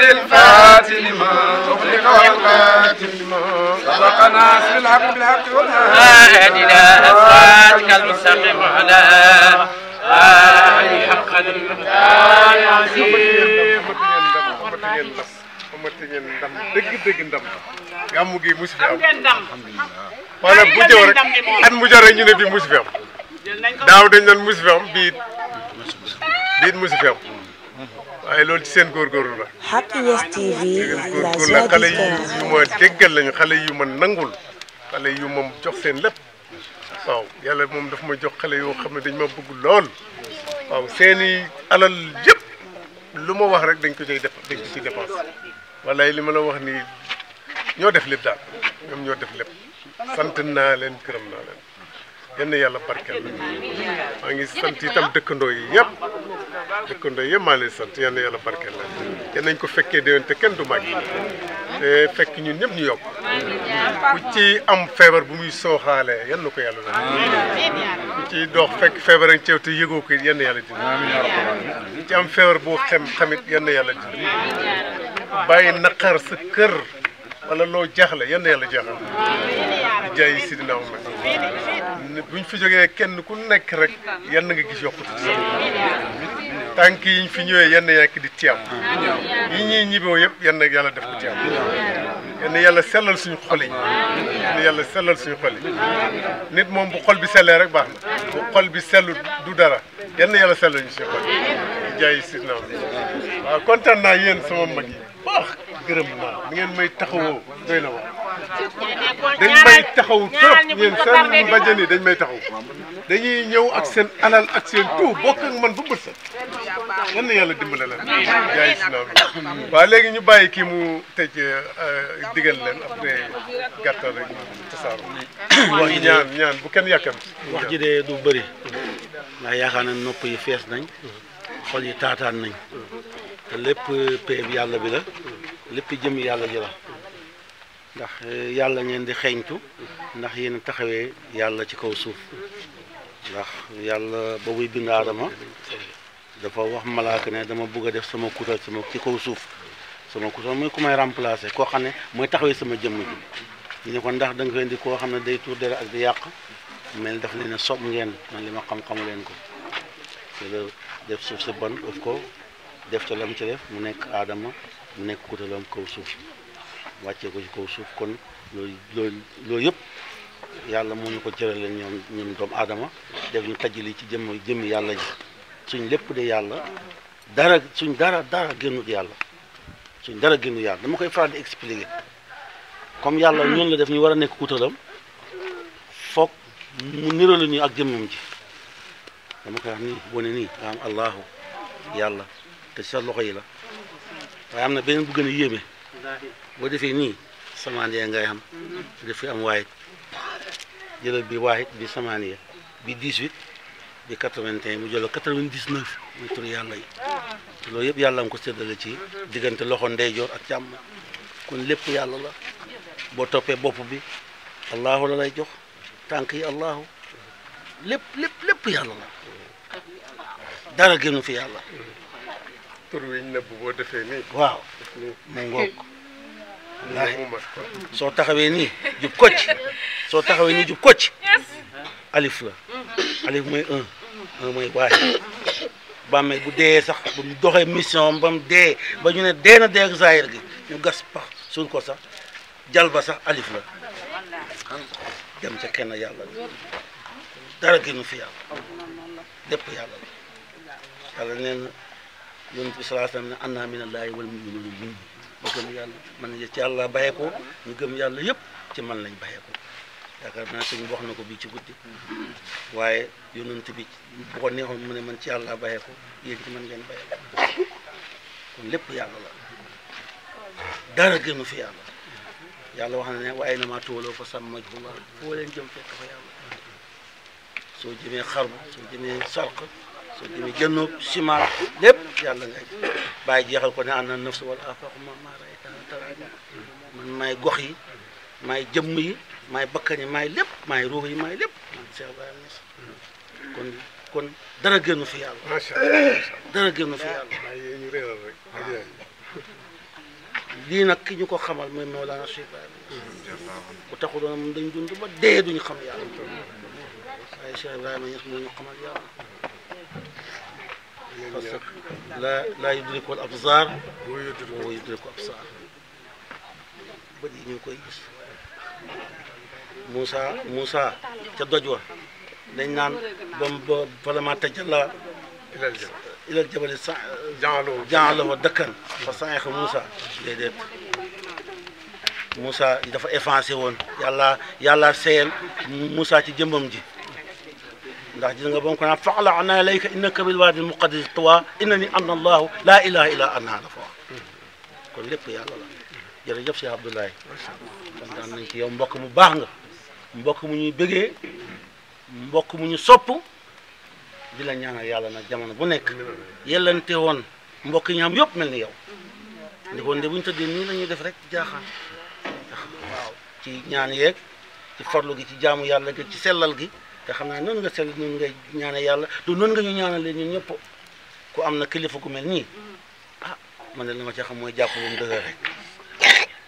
الفاتح لما تغلق والقاتل لما سبق ناس بالحق بالحق والهادي إلى صراطك المستقيم على آله حق المختار العظيم mëtëñen ndam dëgg dëgg ndam gàmmu gi musu fi am wala bu jëw rek at mu jëw rek ñu ne bii musu fi am daaw dañ doon musu fi am bii bii musu fi am waaye loolu ci seen góorgóorlu la. Happiness TV la joie yu ma déggal lañu xale yu ma nangul xale yu ma jox seen lépp waaw yàlla moom dafa ma jox xale yoo xam ne dañ ma bëgg lool waaw seeni alal yëpp lu ma wax rek dañ ko cay def dañ ko ciy li ma la wax nii ñoo def lépp daal ñoom ñoo def lépp sant naa leen këram naa leen yenn yàlla barkeel maa ngi sant itam dëkkandoo yi yëpp. de yëpp maa leen sant yal na yàlla barkeel la yal nañ ko fekkee déwén te kenn du màgg te fekk ñu ñëpp ñu yokk ku ci am feebar bu muy sooxaale yal na ko yàlla na ku ci dox fekk ceew te yëgoo ko yal na am feebar boo xem tamit yal na yàlla dindi bàyyi naqar sa kër wala loo jaaxle yan na yàlla jaaxal di jaay buñ fi jógee kenn ku nekk rek yan na nga gis yokkute tànk yi ñu fi ñëwee yenn yekk di ci am yi ñuy ñiboo yëpp yenn yàlla def ko ci am yenn yàlla sellal suñu xol yi yenn yàlla sellal si xol yi nit moom bu xol bi sellee rek baax na bu xol bi sellu du dara yenn yàlla sellal ñu suñu xol yi si naam kontaan naa yéen sama mag yi baax gërëm naa ni ngeen may taxawoo doy na wax dañ may taxaw trop yéen seen mbajeen yi dañ may taxaw dañuy ñëw ak seen alal ak seen tout bokk ak man ba bët sa man na yàlla dimbale la jaay islam léegi ñu bàyyi kii mu tëj euh, digal leen après gàttal a tasaaro ñaan ñaan bu kenn yàkkam wax ji de du bëri ndax yaakaar na nopp yi fees nañ xol yi taataan nañ lépp euh, peeb yàlla bi la lépp jëm yàlla ji la ndax eh, yàlla ngeen di xeeñtu ndax yéen a taxawee yàlla ci kaw suuf ndax yàlla ba muy bind aadama dafa wax malaaka ne dama bugg a def sama kutal sama ci kaw suuf sama kutal mooy ku may remplacer koo xam ne mooy taxawee sama jëmm ji ñu ne ko ndax danga nga koy indi koo xam ne day tur dere ak di yàq mel daf leen ne sob ngeen man li ma xam-xamu leen ko te def suuf sa ban ëf ko def ca lam ci def mu nekk aadama mu nekk kutalam kaw suuf wàccee ko ci kaw suuf kon loolu loolu yëpp yàlla mu ñu ko cërale ñoom ñu doomu aadama def ñu tajali ci jëmm yàlla ji suñ lépp de yàlla dara suñ dara dara génnut yàlla suñ dara génnut yàlla dama koy faral di expliquer comme yàlla ñun la def ñu war a nekk utalam foog mu nirolu ñu ak jëmmam ji dama koy wax nii wane nii am allahu yàlla te sa loxo yi la waaye am na beneen bu gën a boo defee nii samaaniya ngay am mm-hmm. dafay am waayit jëlal bi waayit bi samaaniya bi 18 bi 81 mu jëlal 99 muy tur yàlla yi te loolu yëpp yàlla am ko séddale ci mm-hmm. diggante loxo ndeyjoor ak càmm kon lépp yàlla la boo toppee bopp bi allahu la lay jox tànk yi allahu lépp lépp lépp yàlla la dara gënu fi yàlla tur defee waaw mu ngoog wallaahi soo taxawee nii jub kocc soo taxawee nii jub kocc alif la alif mooy un un mooy waay bàmmeel bu dee sax bu mu doxee mission ba mu dee ba ñu ne dee na dee ak zaayir gi ñu gas pax suul ko sax jalba sax alif la dem ca kenn yàlla la dara gënu fi yàlla lépp yàlla la yàlla nee na yonent bi salaa salaam ne annaa minallaahi wal muminuuna ñu gëm yàlla man ci yàlla bàyyeekoo ñu gën yàlla yëpp ci man lañ bàyyeekoo yaakaar naa suñu wax na ko bii ci guddi waaye yonent bi bu ko neexoon mu ne man ci yàlla bàyyeekoo yéen ci man ngeen bàyyeekoo kon lépp yàlla la dara gënu fi yàlla yàlla wax na ne waaye na maa tuwaloo fa bu ak foo leen jëm fekk fa yàlla soo jëmee xarbu soo jëmee sarq so jëmi jënnoog ciment lépp yàlla ngay bàyyi jeexal ko ne am na nafsu wala afaqu ma ma raytana tara man maay gox yi maay jëmm yi maay bakkan yi maay lépp maay ruux yi maay lépp man Cheikh Ibrahima Niass kon kon dara génnu fi yàlla macha allah dara génnu fi yàlla lii nag ki ñu ko xamal mooy Mawlana Cheikh Ibrahima bu taxuloon moom dañ dund ba dee duñu xam yàlla waaye Cheikh Ibrahima Niass moo ñu xamal yàlla parce que la laa yudriku al absar wa yudriku absar bët yi ñu ngi koy gis Moussa Moussa ca doj wa dañ naan bam ba vraiment tajalla ilal jabali sa ja'alahu dakkan fa sa'iqa Moussa déedéet Moussa dafa effacé woon yàlla yàlla seyal Moussa ci jëmbam ji ndax jis nga ba mu ko naan faxla ana layka innaka bil waadil muqaddasi tuwa innani ana allahu laa ilaha illa kon lépp yàlla la jërëjëf si Abdoulaye kontaan nañ ci yow mbokk mu baax nga mbokk mu ñuy bëggee mbokk mu ñu sopp di la ñaanal yàlla nag jamono bu nekk yellante woon mbokk ñaam yëpp mel ni yow ndi koon de bu ñu tëddee nii la ñuy def rek jaaxaan ci ñaan yeeg ci farlu ci jaamu yàlla gi ci sellal gi te xam naa noonu nga sell ñun ngay ñaanal yàlla du noonu nga ñu ñaanalee ñun ñëpp ku am na kilifa ku mel nii mm-hmm. ah man de li ma ci xam mooy jàpp moom dëgër rek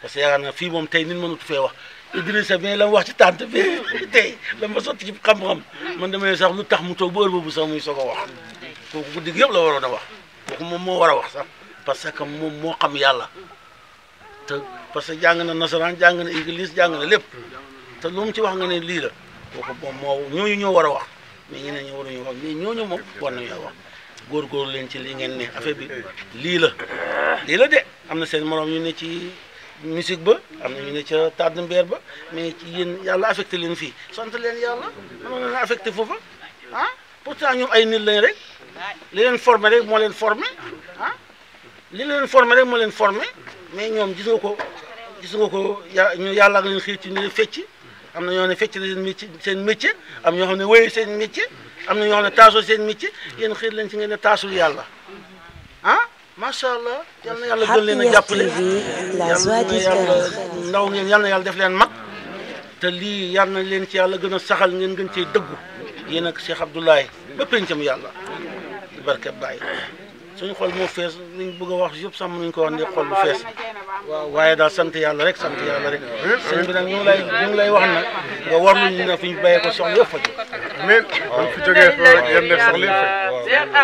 parce que yaakaar naa fii moom tey nit mënut fee wax Idrissa bi la mu wax ci tànt bi tey la ma sotti ci xam-xam man damay sax lu tax mu toog ba heure boobu sax muy soog a wax kooku guddi yëpp la waroon a wax kooku moom moo war a wax sax parce que moom moo xam yàlla te parce que jàng na nasaraan jàng na église jàng na lépp te lu mu ci wax nga ne lii la kooku moom moo ñooñu ñoo war a wax mais ñeneen ñoo waruñu wax mais ñooñu moom war nañoo wax góorgóorlu leen ci li ngeen ne affaire bi lii la lii la de am na seen moroom ñu ne ci musique ba am na ñu ne ca tàdd mbeer ba mais ci yéen yàlla affecté leen fii sant leen yàlla mënoon leen affecté foofa ah pourtant ñoom ay nit lañ rek li leen rek moo leen formé ah li leen formé rek moo leen formé mais ñoom gis nga ko gis nga ko yàlla ak leen xiir ci ni fecci am na ñoo xam ne fecc na seen métier am ñoo xam ne wéyu seen métier am na ñoo xam ne taasul seen métier yéen xiir leen ci ngeen ne taasul yàlla ah macha allah yal na yàlla gën leen a jàppale yal na yàlla ndaw ngeen yal na yàlla def leen mag te lii yal na leen ci yàlla gën a saxal ngeen gën cee dëggu yéen ak Cheikh Abdoulaye ba pencam yàlla barke Baye. suñu xol moo fees ni bëgg a wax yëpp sàmm nañ ko wax ne xol bu fees waaw daal sant yàlla rek sant a rek sëñ bi nag ñu ngi lay ñu ngi lay wax nag nga war luñu ne fi ñu bàyyee ko soxla yëpp faj amiin fi jógee rek yéen ne soxla yëpp